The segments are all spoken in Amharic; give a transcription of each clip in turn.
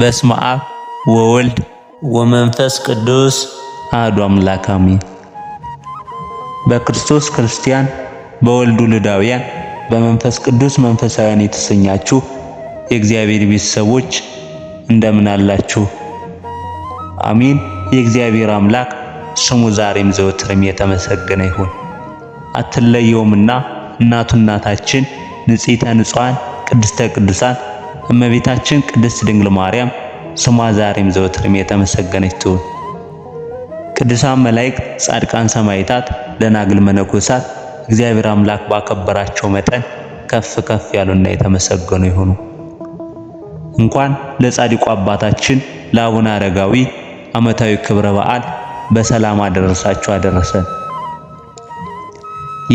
በስመ አብ ወወልድ ወመንፈስ ቅዱስ አሐዱ አምላክ አሜን። በክርስቶስ ክርስቲያን፣ በወልዱ ልዳውያን፣ በመንፈስ ቅዱስ መንፈሳውያን የተሰኛችሁ የእግዚአብሔር ቤተሰቦች እንደምን አላችሁ? አሜን። የእግዚአብሔር አምላክ ስሙ ዛሬም ዘወትርም የተመሰገነ ይሁን። አትለየውምና እናቱ እናታችን ንጽሕተ ንጹሐን ቅድስተ ቅዱሳን እመቤታችን ቅድስት ድንግል ማርያም ስሟ ዛሬም ዘወትርም የተመሰገነች ትሁን። ቅዱሳን መላእክት፣ ጻድቃን፣ ሰማዕታት፣ ደናግል፣ መነኮሳት እግዚአብሔር አምላክ ባከበራቸው መጠን ከፍ ከፍ ያሉና የተመሰገኑ ይሆኑ እንኳን ለጻድቁ አባታችን ለአቡነ አረጋዊ ዓመታዊ ክብረ በዓል በሰላም አደረሳችሁ አደረሰን።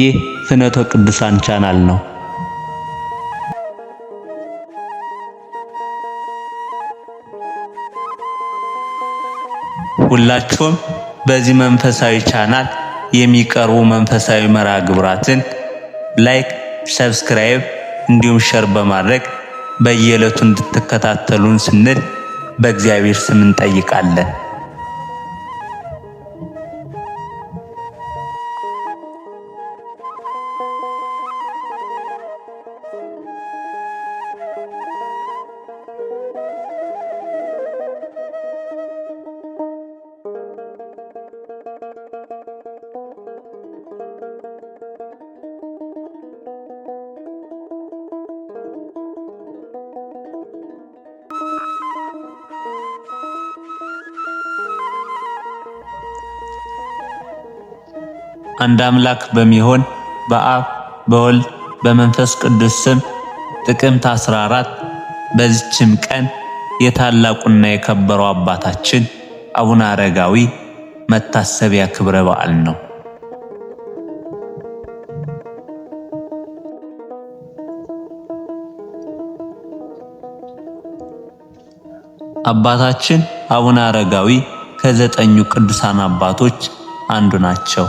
ይህ ፍኖተ ቅዱሳን ቻናል ነው። ሁላችሁም በዚህ መንፈሳዊ ቻናል የሚቀርቡ መንፈሳዊ መርሃ ግብራትን ላይክ፣ ሰብስክራይብ እንዲሁም ሸር በማድረግ በየዕለቱ እንድትከታተሉን ስንል በእግዚአብሔር ስም እንጠይቃለን። አንድ አምላክ በሚሆን በአብ በወልድ በመንፈስ ቅዱስ ስም ጥቅምት 14 በዚችም ቀን የታላቁና የከበረው አባታችን አቡነ አረጋዊ መታሰቢያ ክብረ በዓል ነው። አባታችን አቡነ አረጋዊ ከዘጠኙ ቅዱሳን አባቶች አንዱ ናቸው።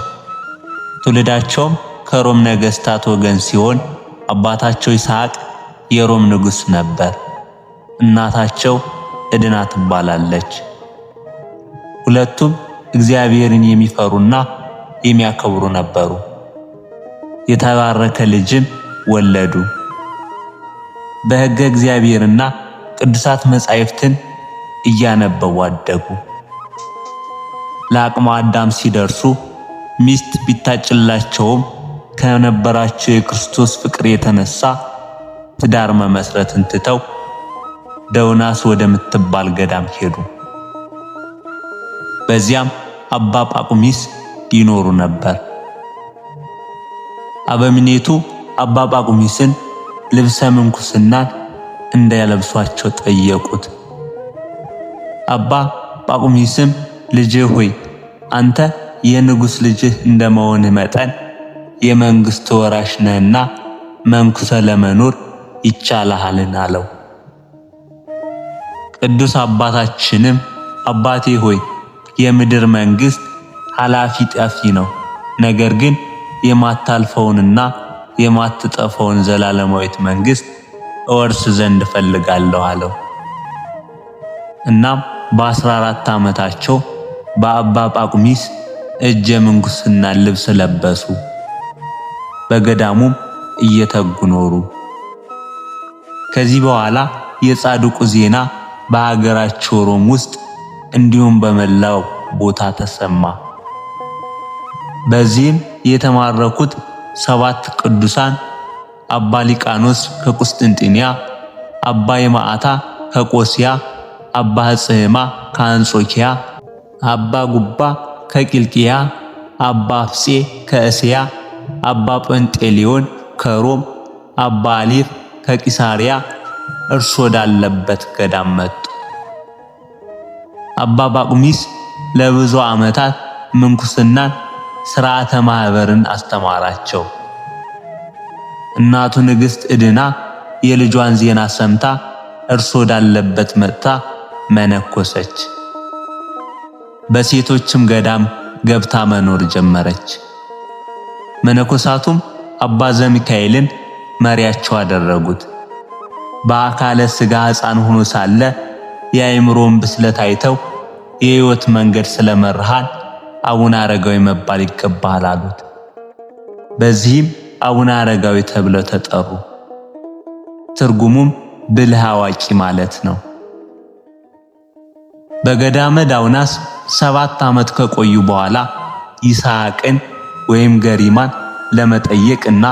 ትውልዳቸውም ከሮም ነገሥታት ወገን ሲሆን አባታቸው ይስሐቅ የሮም ንጉሥ ነበር። እናታቸው ዕድና ትባላለች። ሁለቱም እግዚአብሔርን የሚፈሩና የሚያከብሩ ነበሩ። የተባረከ ልጅም ወለዱ። በሕገ እግዚአብሔርና ቅዱሳት መጻሕፍትን እያነበቡ አደጉ። ለአቅመ አዳም ሲደርሱ ሚስት ቢታጭላቸውም ከነበራቸው የክርስቶስ ፍቅር የተነሳ ትዳር መመስረትን ትተው ደውናስ ወደምትባል ገዳም ሄዱ። በዚያም አባ ጳቁሚስ ይኖሩ ነበር። አበምኔቱ አባ ጳቁሚስን ልብሰ ምንኩስናን እንዳያለብሷቸው ጠየቁት። አባ ጳቁሚስም ልጄ ሆይ አንተ የንጉሥ ልጅህ እንደመሆን መጠን የመንግሥት ወራሽ ነህና መንኩሰ ለመኖር ይቻልሃልን አለው። ቅዱስ አባታችንም አባቴ ሆይ የምድር መንግሥት ኃላፊ ጠፊ ነው፣ ነገር ግን የማታልፈውንና የማትጠፈውን ዘላለማዊት መንግሥት እወርስ ዘንድ እፈልጋለሁ አለው። እናም በ14 ዓመታቸው በአባ ጳቁሚስ እጀ ምንኩስና ልብስ ለበሱ። በገዳሙም እየተጉ ኖሩ። ከዚህ በኋላ የጻድቁ ዜና በሀገራቸው ሮም ውስጥ እንዲሁም በመላው ቦታ ተሰማ። በዚህም የተማረኩት ሰባት ቅዱሳን አባ ሊቃኖስ ከቁስጥንጥንያ፣ አባ የማዕታ ከቆሲያ፣ አባ ጽህማ ከአንጾኪያ፣ አባ ጉባ ከቂልቅያ፣ አባ ፍፄ ከእስያ፣ አባ ጴንጤሊዮን ከሮም፣ አባ አሊፍ ከቂሳሪያ እርሶ ወዳለበት ገዳም መጡ። አባ ባቁሚስ ለብዙ ዓመታት ምንኩስናን፣ ሥርዓተ ማኅበርን አስተማራቸው። እናቱ ንግሥት እድና የልጇን ዜና ሰምታ እርሶ ወዳለበት መጥታ መነኮሰች። በሴቶችም ገዳም ገብታ መኖር ጀመረች። መነኮሳቱም አባ ዘሚካኤልን መሪያቸው አደረጉት። በአካለ ሥጋ ሕፃን ሆኖ ሳለ የአእምሮን ብስለት አይተው የሕይወት መንገድ ስለመርሃን አቡነ አረጋዊ መባል ይገባሃል አሉት። በዚህም አቡነ አረጋዊ ተብለው ተጠሩ። ትርጉሙም ብልህ አዋቂ ማለት ነው። በገዳመ ዳውናስ ሰባት ዓመት ከቆዩ በኋላ ይስሐቅን ወይም ገሪማን ለመጠየቅ እና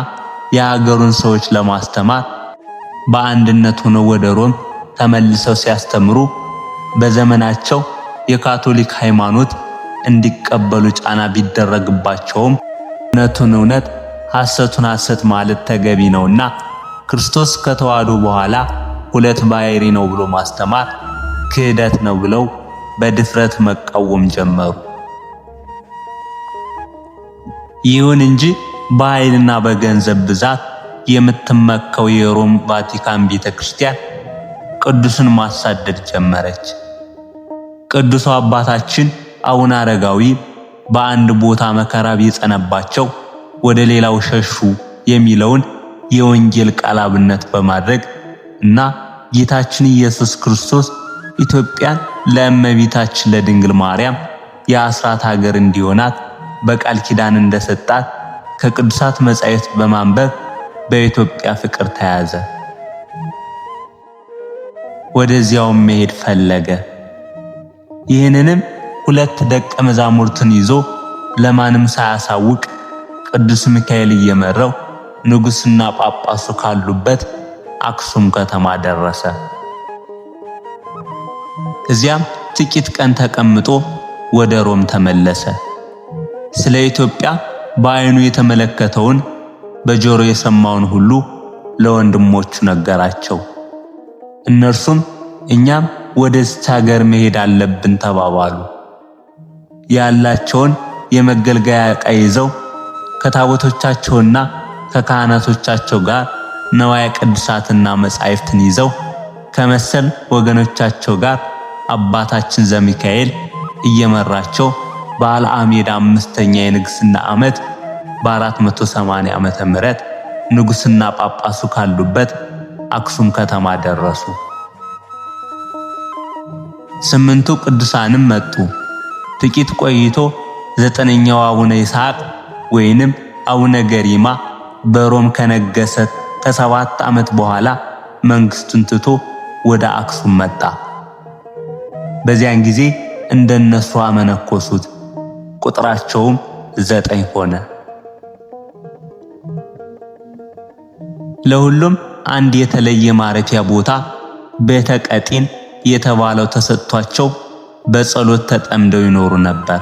የሀገሩን ሰዎች ለማስተማር በአንድነት ሆነው ወደ ሮም ተመልሰው ሲያስተምሩ በዘመናቸው የካቶሊክ ሃይማኖት እንዲቀበሉ ጫና ቢደረግባቸውም እውነቱን እውነት ሐሰቱን ሐሰት ማለት ተገቢ ነውና ክርስቶስ ከተዋህዶ በኋላ ሁለት ባሕርይ ነው ብሎ ማስተማር ክህደት ነው ብለው በድፍረት መቃወም ጀመሩ። ይሁን እንጂ በኃይልና በገንዘብ ብዛት የምትመካው የሮም ቫቲካን ቤተ ክርስቲያን ቅዱስን ማሳደድ ጀመረች። ቅዱሱ አባታችን አቡነ አረጋዊ በአንድ ቦታ መከራ ቢጸነባቸው ወደ ሌላው ሸሹ የሚለውን የወንጌል ቃል አብነት በማድረግ እና ጌታችን ኢየሱስ ክርስቶስ ኢትዮጵያን ለእመቤታችን ለድንግል ማርያም የአስራት ሀገር እንዲሆናት በቃል ኪዳን እንደሰጣት ከቅዱሳት መጻሕፍት በማንበብ በኢትዮጵያ ፍቅር ተያዘ። ወደዚያውም መሄድ ፈለገ። ይህንንም ሁለት ደቀ መዛሙርትን ይዞ ለማንም ሳያሳውቅ ቅዱስ ሚካኤል እየመራው ንጉሥና ጳጳሱ ካሉበት አክሱም ከተማ ደረሰ። እዚያም ጥቂት ቀን ተቀምጦ ወደ ሮም ተመለሰ። ስለ ኢትዮጵያ በዓይኑ የተመለከተውን በጆሮ የሰማውን ሁሉ ለወንድሞቹ ነገራቸው። እነርሱም እኛም ወደዚች ሀገር መሄድ አለብን ተባባሉ። ያላቸውን የመገልገያ ዕቃ ይዘው ከታቦቶቻቸውና ከካህናቶቻቸው ጋር ነዋያ ቅዱሳትና መጻሕፍትን ይዘው ከመሰል ወገኖቻቸው ጋር አባታችን ዘሚካኤል እየመራቸው በዓለ አምስተኛ የንግስና ዓመት በ480 ዓመተ ምህረት ንጉስና ጳጳሱ ካሉበት አክሱም ከተማ ደረሱ። ስምንቱ ቅዱሳንም መጡ። ጥቂት ቆይቶ ዘጠነኛው አቡነ ይስሐቅ ወይንም አቡነ ገሪማ በሮም ከነገሰ ከሰባት ዓመት በኋላ መንግስቱን ትቶ ወደ አክሱም መጣ። በዚያን ጊዜ እንደነሱ አመነኮሱት። ቁጥራቸውም ዘጠኝ ሆነ። ለሁሉም አንድ የተለየ ማረፊያ ቦታ ቤተ ቀጢን የተባለው ተሰጥቷቸው በጸሎት ተጠምደው ይኖሩ ነበር።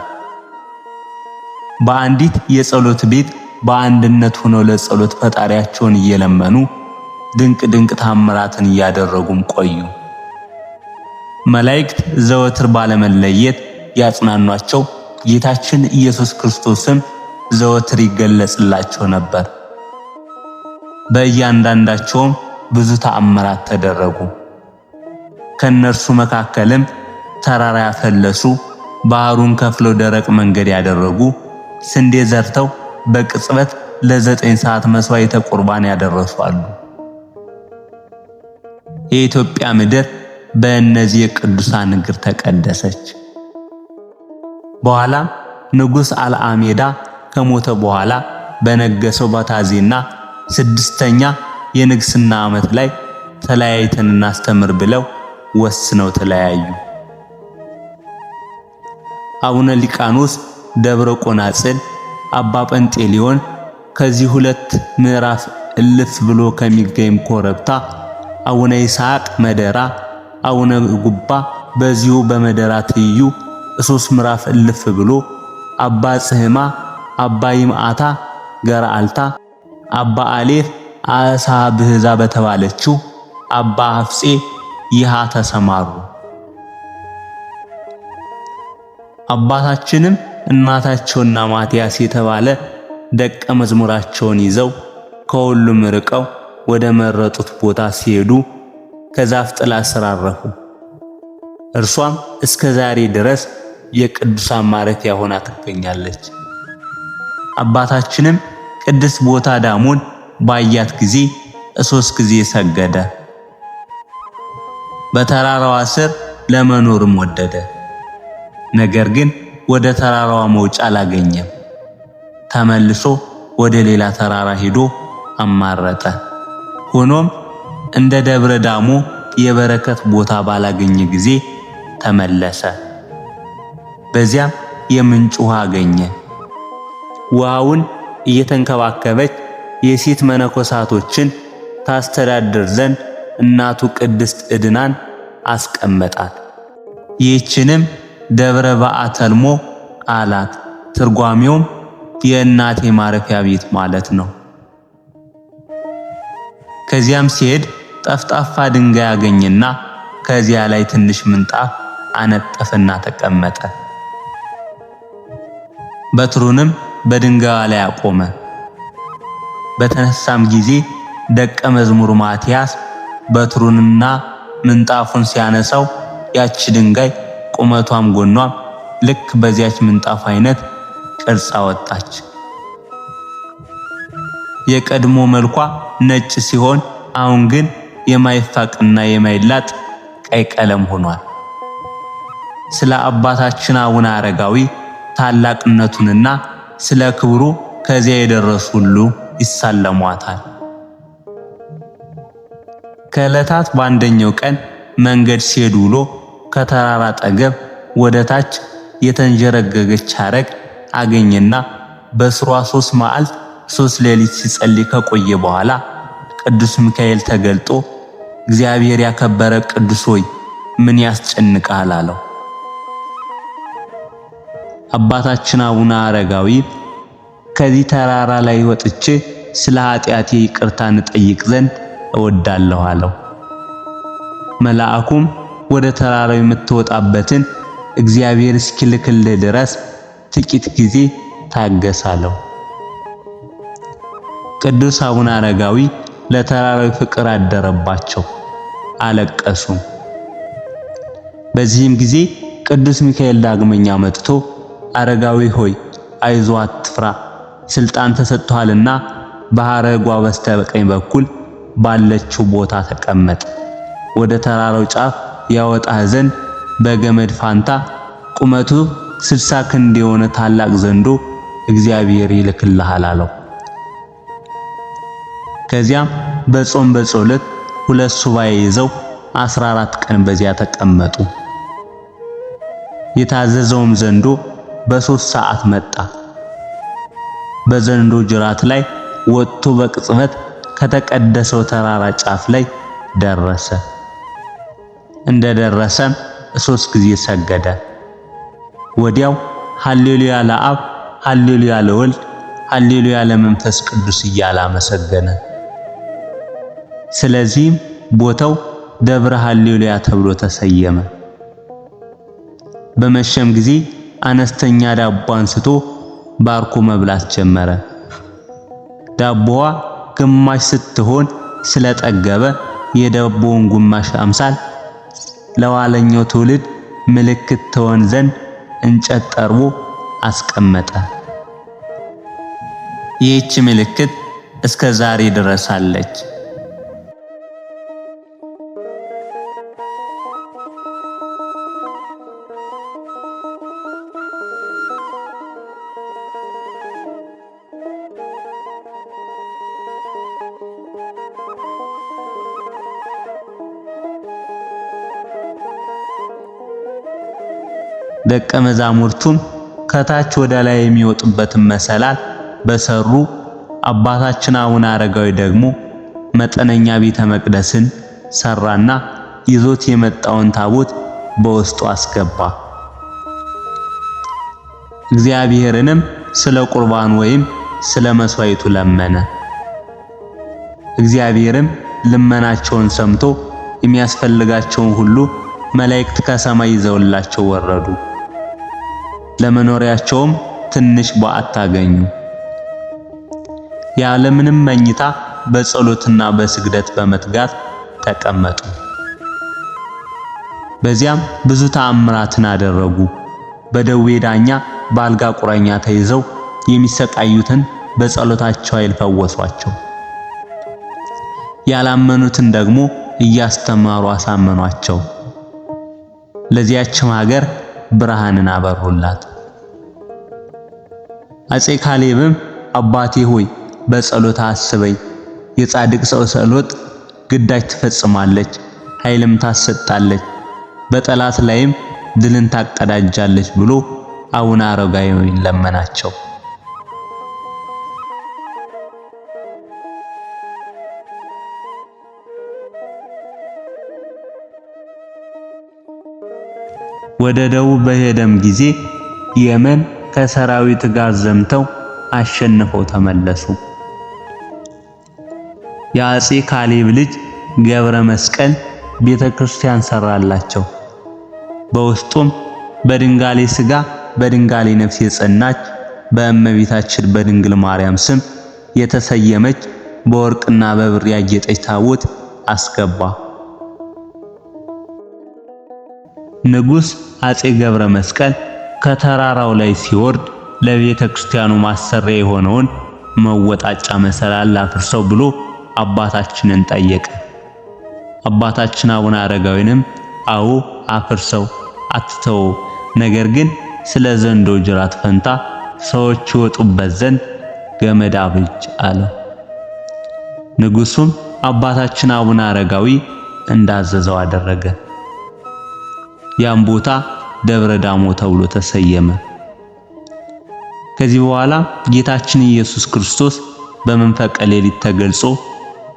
በአንዲት የጸሎት ቤት በአንድነት ሆነው ለጸሎት ፈጣሪያቸውን እየለመኑ ድንቅ ድንቅ ታምራትን እያደረጉም ቆዩ። መላእክት ዘወትር ባለመለየት ያጽናኗቸው ጌታችን ኢየሱስ ክርስቶስም ዘወትር ይገለጽላቸው ነበር። በእያንዳንዳቸውም ብዙ ተአምራት ተደረጉ። ከነርሱ መካከልም ተራራ ያፈለሱ፣ ባህሩን ከፍለው ደረቅ መንገድ ያደረጉ፣ ስንዴ ዘርተው በቅጽበት ለዘጠኝ ሰዓት መስዋዕተ ቁርባን ያደረሱ አሉ። የኢትዮጵያ ምድር በእነዚህ የቅዱሳን እግር ተቀደሰች። በኋላም ንጉሥ አልአሜዳ ከሞተ በኋላ በነገሰው ባታዜና ስድስተኛ የንግስና ዓመት ላይ ተለያይተን እናስተምር ብለው ወስነው ተለያዩ። አቡነ ሊቃኖስ ደብረ ቆናጽል፣ አባ ጴንጤሊዮን ከዚህ ሁለት ምዕራፍ እልፍ ብሎ ከሚገኝ ኮረብታ አቡነ ይስሐቅ መደራ አቡነ ጉባ በዚሁ በመደራ ትይዩ እሶስ ምዕራፍ እልፍ ብሎ አባ ጽህማ፣ አባ ይምአታ አልታ አባ አሌፍ አሳ ብህዛ በተባለችው አባ አፍጼ ይሃ ተሰማሩ። አባታችንም እናታቸውና ማቲያስ የተባለ ደቀ መዝሙራቸውን ይዘው ከሁሉም ርቀው ወደ መረጡት ቦታ ሲሄዱ ከዛፍ ጥላ ስር አረፉ። እርሷም እስከ ዛሬ ድረስ የቅዱሳን ማረፊያ ሆና ትገኛለች። አባታችንም ቅድስት ቦታ ዳሞን ባያት ጊዜ እሶስ ጊዜ ሰገደ። በተራራዋ ስር ለመኖርም ወደደ። ነገር ግን ወደ ተራራዋ መውጫ አላገኘም። ተመልሶ ወደ ሌላ ተራራ ሄዶ አማረጠ። ሆኖም እንደ ደብረ ዳሞ የበረከት ቦታ ባላገኘ ጊዜ ተመለሰ። በዚያም የምንጭ ውሃ አገኘ። ውሃውን እየተንከባከበች የሴት መነኮሳቶችን ታስተዳድር ዘንድ እናቱ ቅድስት ዕድናን አስቀመጣት። ይህችንም ደብረ በአተልሞ አላት። ትርጓሜውም የእናቴ ማረፊያ ቤት ማለት ነው። ከዚያም ሲሄድ ጠፍጣፋ ድንጋይ አገኘና ከዚያ ላይ ትንሽ ምንጣፍ አነጠፈና ተቀመጠ። በትሩንም በድንጋዩ ላይ አቆመ። በተነሳም ጊዜ ደቀ መዝሙር ማቲያስ በትሩንና ምንጣፉን ሲያነሳው ያች ድንጋይ ቁመቷም ጎኗም ልክ በዚያች ምንጣፍ አይነት ቅርጽ አወጣች። የቀድሞ መልኳ ነጭ ሲሆን አሁን ግን የማይፋቅና የማይላጥ ቀይ ቀለም ሆኗል። ስለ አባታችን አቡነ አረጋዊ ታላቅነቱንና ስለ ክብሩ ከዚያ የደረሱ ሁሉ ይሳለሟታል። ከዕለታት በአንደኛው ቀን መንገድ ሲሄድ ውሎ ከተራራ አጠገብ ወደ ታች የተንጀረገገች አረግ አገኘና በስሯ ሶስት መዓልት ሶስት ሌሊት ሲጸልይ ከቆየ በኋላ ቅዱስ ሚካኤል ተገልጦ እግዚአብሔር ያከበረ ቅዱስ ሆይ ምን ያስጨንቃል አለው። አባታችን አቡነ አረጋዊ ከዚህ ተራራ ላይ ወጥቼ ስለ ኃጢአቴ ይቅርታን እጠይቅ ዘንድ እወዳለሁ አለው። መልአኩም ወደ ተራራው የምትወጣበትን እግዚአብሔር እስኪልክልህ ድረስ ጥቂት ጊዜ ታገሳለሁ። ቅዱስ አቡነ አረጋዊ ለተራራዊ ፍቅር አደረባቸው። አለቀሱ። በዚህም ጊዜ ቅዱስ ሚካኤል ዳግመኛ መጥቶ አረጋዊ ሆይ አይዞ አትፍራ፣ ስልጣን ተሰጥቷልና በሐረጓ በስተቀኝ በኩል ባለችው ቦታ ተቀመጥ፣ ወደ ተራራው ጫፍ ያወጣህ ዘንድ በገመድ ፋንታ ቁመቱ ስልሳ ክንድ የሆነ ታላቅ ዘንዶ እግዚአብሔር ይልክልሃል አለው። ከዚያም በጾም በጸሎት ሁለት ሱባኤ ይዘው 14 ቀን በዚያ ተቀመጡ። የታዘዘውም ዘንዶ በሦስት ሰዓት መጣ። በዘንዶ ጅራት ላይ ወጥቶ በቅጽበት ከተቀደሰው ተራራ ጫፍ ላይ ደረሰ። እንደደረሰም ሶስት ጊዜ ሰገደ። ወዲያው ሃሌሉያ ለአብ፣ ሃሌሉያ ለወልድ፣ ሃሌሉያ ለመንፈስ ቅዱስ እያለ አመሰገነ። ስለዚህም ቦታው ደብረ ሃሌሉያ ተብሎ ተሰየመ። በመሸም ጊዜ አነስተኛ ዳቦ አንስቶ ባርኮ መብላት ጀመረ። ዳቦዋ ግማሽ ስትሆን ስለጠገበ የዳቦውን ግማሽ አምሳል ለዋለኛው ትውልድ ምልክት ትሆን ዘንድ እንጨት ጠርቦ አስቀመጠ። ይህች ምልክት እስከ ዛሬ ድረስ አለች። ደቀ መዛሙርቱም ከታች ወደ ላይ የሚወጡበትን መሰላል በሰሩ አባታችን አቡነ አረጋዊ ደግሞ መጠነኛ ቤተ መቅደስን ሰራና ይዞት የመጣውን ታቦት በውስጡ አስገባ። እግዚአብሔርንም ስለ ቁርባን ወይም ስለ መስዋዕቱ ለመነ። እግዚአብሔርም ልመናቸውን ሰምቶ የሚያስፈልጋቸውን ሁሉ መላእክት ከሰማይ ይዘውላቸው ወረዱ። ለመኖሪያቸውም ትንሽ በዓት ያለምንም መኝታ በጸሎትና በስግደት በመትጋት ተቀመጡ። በዚያም ብዙ ተአምራትን አደረጉ። በደዌ ዳኛ በአልጋ ቁራኛ ተይዘው የሚሰቃዩትን በጸሎታቸው አይልፈወሷቸው። ያላመኑትን ደግሞ እያስተማሩ አሳመኗቸው። ለዚያችም ሀገር ብርሃንን አበሩላት። አጼ ካሌብም አባቴ ሆይ በጸሎት አስበኝ፣ የጻድቅ ሰው ጸሎት ግዳጅ ትፈጽማለች፣ ኃይልም ታሰጣለች፣ በጠላት ላይም ድልን ታቀዳጃለች ብሎ አቡነ አረጋዊን ለመናቸው። ወደ ደቡብ በሄደም ጊዜ የመን ከሰራዊት ጋር ዘምተው አሸንፈው ተመለሱ። የአጼ ካሌብ ልጅ ገብረ መስቀል ቤተክርስቲያን ሰራላቸው። በውስጡም በድንጋሌ ስጋ በድንጋሌ ነፍስ የጸናች በእመቤታችን በድንግል ማርያም ስም የተሰየመች በወርቅና በብር ያጌጠች ታቦት አስገባ። ንጉሥ አጼ ገብረ መስቀል ከተራራው ላይ ሲወርድ ለቤተ ክርስቲያኑ ማሰሪያ የሆነውን መወጣጫ መሰላል አፍርሰው ብሎ አባታችንን ጠየቀ። አባታችን አቡነ አረጋዊንም አዎ አፍርሰው አትተው፣ ነገር ግን ስለ ዘንዶ ጅራት ፈንታ ሰዎች ይወጡበት ዘንድ ገመድ አብጅ አለው። ንጉሱም አባታችን አቡነ አረጋዊ እንዳዘዘው አደረገ። ያም ቦታ ደብረ ዳሞ ተብሎ ተሰየመ። ከዚህ በኋላ ጌታችን ኢየሱስ ክርስቶስ በመንፈቀ ሌሊት ተገልጾ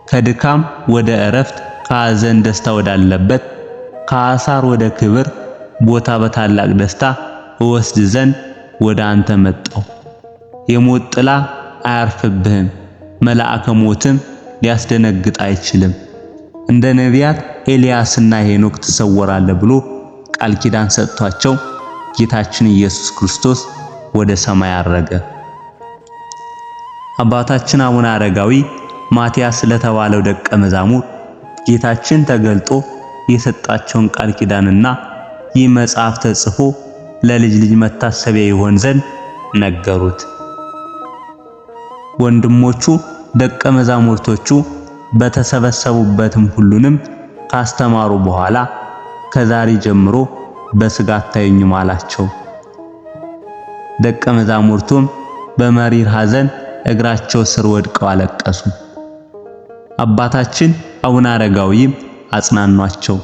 ከድካም ወደ እረፍት፣ ከሐዘን ደስታ ወዳለበት፣ ከአሳር ወደ ክብር ቦታ በታላቅ ደስታ እወስድ ዘንድ ወደ አንተ መጣው። የሞት ጥላ አያርፍብህም፣ መልአከ ሞትም ሊያስደነግጥ አይችልም። እንደ ነቢያት ኤልያስና ሄኖክ ትሰወራለህ ብሎ ቃል ኪዳን ሰጥቷቸው ጌታችን ኢየሱስ ክርስቶስ ወደ ሰማይ አረገ። አባታችን አቡነ አረጋዊ ማቲያስ ለተባለው ደቀ መዛሙር ጌታችን ተገልጦ የሰጣቸውን ቃል ኪዳንና ይህ መጽሐፍ ተጽፎ ለልጅ ልጅ መታሰቢያ ይሆን ዘንድ ነገሩት። ወንድሞቹ ደቀ መዛሙርቶቹ በተሰበሰቡበትም ሁሉንም ካስተማሩ በኋላ ከዛሬ ጀምሮ በስጋ አታዩኝም አላቸው። ደቀ መዛሙርቱም በመሪር ሐዘን እግራቸው ስር ወድቀው አለቀሱ። አባታችን አቡነ አረጋዊም አጽናኗቸው።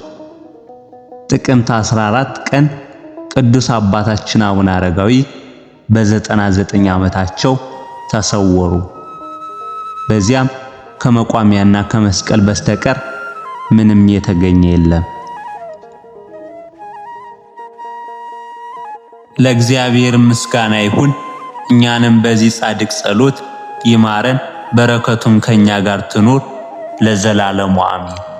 ጥቅምት 14 ቀን ቅዱስ አባታችን አቡነ አረጋዊ በ99 ዓመታቸው ተሰወሩ። በዚያም ከመቋሚያና ከመስቀል በስተቀር ምንም የተገኘ የለም። ለእግዚአብሔር ምስጋና ይሁን። እኛንም በዚህ ጻድቅ ጸሎት ይማረን፣ በረከቱም ከኛ ጋር ትኑር ለዘላለሙ አሚን።